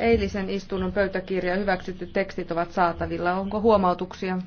Eilisen istunnon pöytäkirja hyväksytty tekstit ovat saatavilla. Onko huomautuksia?